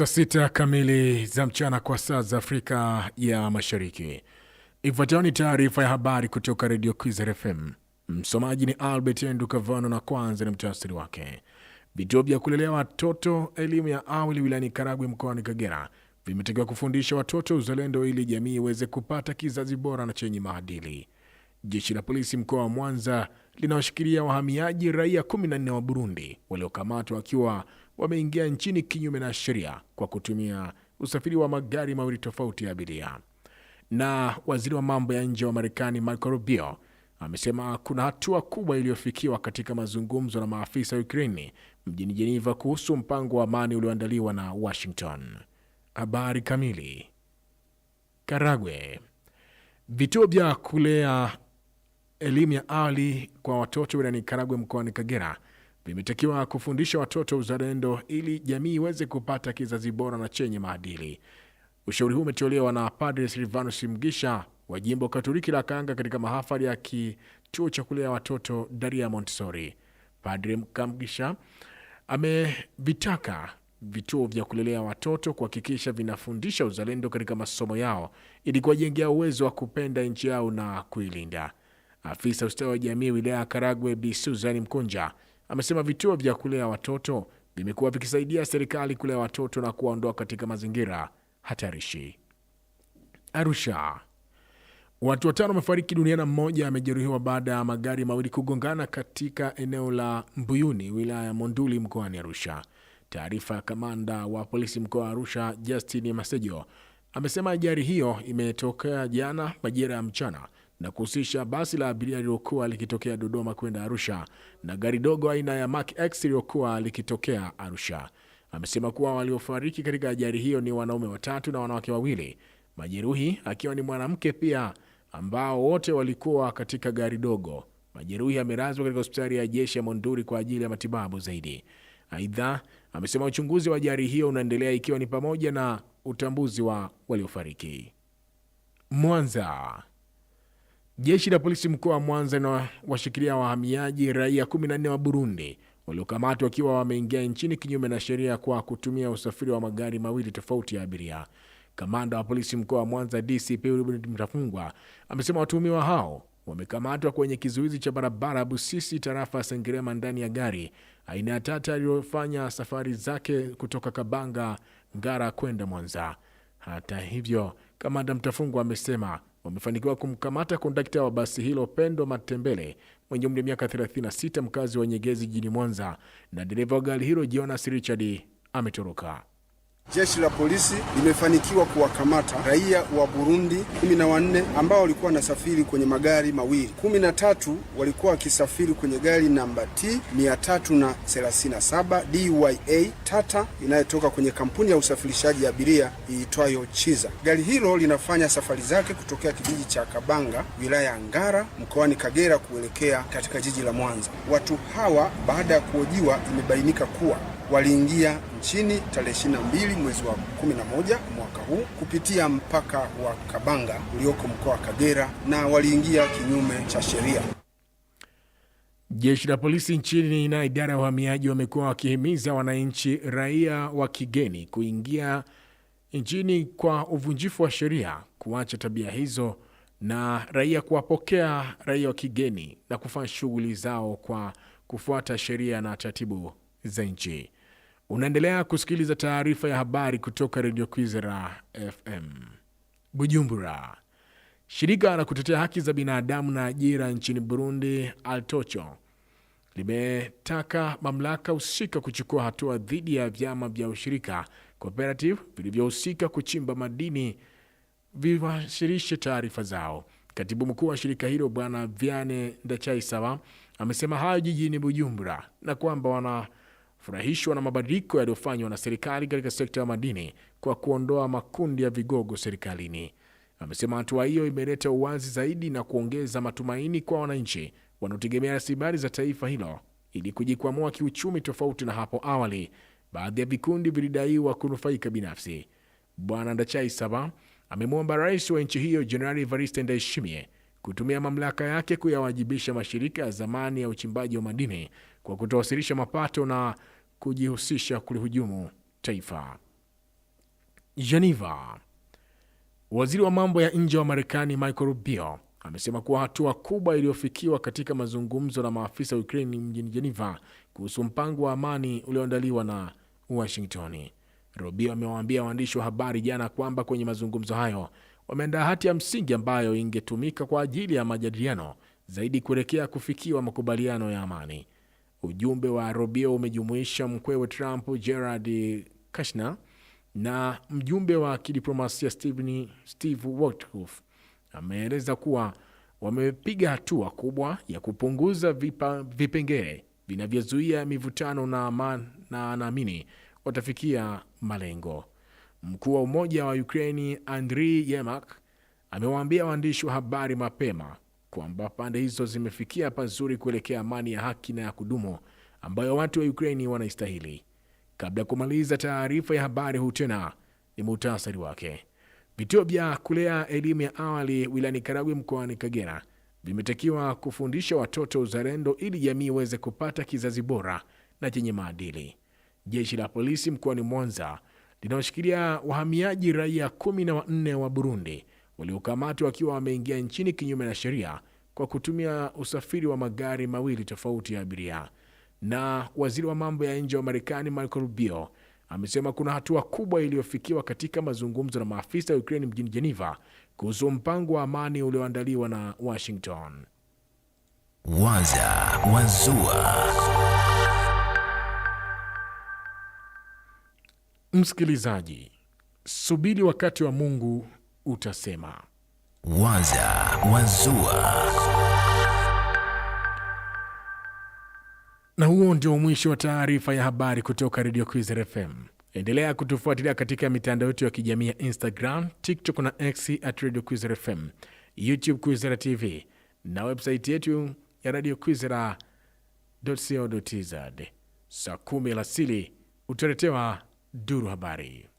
Saa sita kamili za mchana kwa saa za Afrika ya Mashariki. Ifuatayo ni taarifa ya habari kutoka Redio Kwizera FM. Msomaji ni Albert endu Kavano, na kwanza ni mtasiri wake. Vituo vya kulelea watoto elimu ya awali wilayani Karagwe mkoani Kagera vimetakiwa kufundisha watoto uzalendo ili jamii iweze kupata kizazi bora na chenye maadili. Jeshi la polisi mkoa wa Mwanza linawashikilia wahamiaji raia 14 wa Burundi waliokamatwa wakiwa wameingia nchini kinyume na sheria kwa kutumia usafiri wa magari mawili tofauti ya abiria. Na waziri wa mambo ya nje wa Marekani Marco Rubio amesema kuna hatua kubwa iliyofikiwa katika mazungumzo na maafisa wa Ukraini mjini Jeneva kuhusu mpango wa amani ulioandaliwa na Washington. Habari kamili. Karagwe. Vituo vya kulea elimu ya awali kwa watoto wilayani Karagwe mkoani Kagera vimetakiwa kufundisha watoto uzalendo ili jamii iweze kupata kizazi bora na chenye maadili. Ushauri huu umetolewa na Padre Silvanus Mgisha wa jimbo Katoliki la Kanga katika mahafali ya kituo cha kulea watoto Daria Montessori. Padre Mkamgisha amevitaka vituo vya kulelea watoto kuhakikisha vinafundisha uzalendo katika masomo yao ili kuwajengea uwezo wa kupenda nchi yao na kuilinda. Afisa ustawi wa jamii wilaya ya Karagwe Bi Susan Mkunja amesema vituo vya kulea watoto vimekuwa vikisaidia serikali kulea watoto na kuwaondoa katika mazingira hatarishi. Arusha, watu watano wamefariki dunia na mmoja amejeruhiwa baada ya magari mawili kugongana katika eneo la Mbuyuni wilaya ya Monduli mkoani Arusha. Taarifa ya kamanda wa polisi mkoa wa Arusha Justin Masejo amesema ajali hiyo imetokea jana majira ya mchana na kuhusisha basi la abiria lililokuwa likitokea Dodoma kwenda Arusha na gari dogo aina ya Mark X lililokuwa likitokea Arusha. Amesema kuwa waliofariki katika ajali hiyo ni wanaume watatu na wanawake wawili, majeruhi akiwa ni mwanamke pia, ambao wote walikuwa katika gari dogo. Majeruhi amelazwa katika hospitali ya jeshi ya Monduli kwa ajili ya matibabu zaidi. Aidha, amesema uchunguzi wa ajali hiyo unaendelea ikiwa ni pamoja na utambuzi wa waliofariki. Mwanza Jeshi la polisi mkoa wa Mwanza linawashikilia wahamiaji raia 14 wa Burundi waliokamatwa wakiwa wameingia nchini kinyume na sheria kwa kutumia usafiri wa magari mawili tofauti ya abiria. Kamanda wa polisi mkoa wa Mwanza DCP Ruben Mtafungwa amesema watuhumiwa hao wamekamatwa kwenye kizuizi cha barabara Busisi, tarafa ya Sengerema, ndani ya gari aina ya Tata aliyofanya safari zake kutoka Kabanga Ngara kwenda Mwanza. Hata hivyo, kamanda Mtafungwa amesema wamefanikiwa kumkamata kondakta wa basi hilo Pendo Matembele mwenye umri wa miaka 36 mkazi wa Nyegezi jijini Mwanza, na dereva wa gari hilo Jonas Richard ametoroka. Jeshi la polisi limefanikiwa kuwakamata raia wa Burundi kumi na wanne ambao walikuwa wanasafiri kwenye magari mawili. Kumi na tatu walikuwa wakisafiri kwenye gari namba T 337 DYA Tata inayotoka kwenye kampuni ya usafirishaji abiria iitwayo Chiza. Gari hilo linafanya safari zake kutokea kijiji cha Kabanga, wilaya ya Ngara, mkoani Kagera kuelekea katika jiji la Mwanza. Watu hawa baada ya kuhojiwa, imebainika kuwa waliingia nchini tarehe 22 mwezi wa 11 mwaka huu kupitia mpaka wa Kabanga ulioko mkoa wa Kagera na waliingia kinyume cha sheria. Jeshi la polisi nchini na idara ya uhamiaji wamekuwa wakihimiza wananchi, raia wa kigeni kuingia nchini kwa uvunjifu wa sheria kuacha tabia hizo na raia kuwapokea raia wa kigeni na kufanya shughuli zao kwa kufuata sheria na taratibu za nchi. Unaendelea kusikiliza taarifa ya habari kutoka Redio Kwizera FM. Bujumbura, shirika la kutetea haki za binadamu na ajira nchini Burundi, Altocho, limetaka mamlaka husika kuchukua hatua dhidi ya vyama vya ushirika cooperative vilivyohusika kuchimba madini viwasilishe taarifa zao. Katibu mkuu wa shirika hilo Bwana Vyane Ndachaisawa amesema hayo jijini Bujumbura na kwamba wana furahishwa na mabadiliko yaliyofanywa na serikali katika sekta ya madini kwa kuondoa makundi ya vigogo serikalini. Amesema hatua hiyo imeleta uwazi zaidi na kuongeza matumaini kwa wananchi wanaotegemea rasilimali za taifa hilo ili kujikwamua kiuchumi, tofauti na hapo awali baadhi ya vikundi vilidaiwa kunufaika binafsi. Bwana Ndachai Saba amemwomba rais wa nchi hiyo Jenerali Evariste Ndayishimiye kutumia mamlaka yake kuyawajibisha mashirika ya zamani ya uchimbaji wa madini kwa kutowasilisha mapato na kujihusisha kulihujumu taifa. Geneva. Waziri wa mambo ya nje wa Marekani Michael Rubio amesema kuwa hatua kubwa iliyofikiwa katika mazungumzo na maafisa wa Ukraini mjini Geneva kuhusu mpango wa amani ulioandaliwa na Washington. Rubio amewaambia waandishi wa habari jana kwamba kwenye mazungumzo hayo wameandaa hati ya msingi ambayo ingetumika kwa ajili ya majadiliano zaidi kuelekea kufikiwa makubaliano ya amani. Ujumbe wa Rubio umejumuisha mkwewe Trump gerard Kushner na mjumbe wa kidiplomasia Steve, Steve Witkoff ameeleza kuwa wamepiga hatua kubwa ya kupunguza vipa, vipengele vinavyozuia mivutano na anaamini watafikia malengo. Mkuu wa umoja wa Ukraini Andrii Yemak amewaambia waandishi wa habari mapema kwamba pande hizo zimefikia pazuri kuelekea amani ya haki na ya kudumu ambayo watu wa Ukraini wanaistahili. Kabla ya kumaliza taarifa ya habari, huu tena ni muhtasari wake. Vituo vya kulea elimu ya awali wilayani Karagwe mkoani Kagera vimetakiwa kufundisha watoto uzalendo ili jamii iweze kupata kizazi bora na chenye maadili. Jeshi la polisi mkoani Mwanza linaoshikilia wahamiaji raia kumi na wanne wa Burundi waliokamatwa wakiwa wameingia nchini kinyume na sheria kwa kutumia usafiri wa magari mawili tofauti ya abiria. Na waziri wa mambo ya nje wa Marekani Marco Rubio amesema kuna hatua kubwa iliyofikiwa katika mazungumzo na maafisa wa ukraini mjini jeneva kuhusu mpango wa amani ulioandaliwa na Washington. Waza Wazua. Msikilizaji, subiri wakati wa Mungu utasema. Waza Wazua. Na huo ndio mwisho wa taarifa ya habari kutoka Radio Kwizera FM. Endelea kutufuatilia katika mitandao yetu ya kijamii ya Instagram, TikTok na X at Radio Kwizera FM, YouTube Kwizera TV na websaiti yetu ya Radio Kwizera co Saa kumi alasili utaletewa Duru Habari.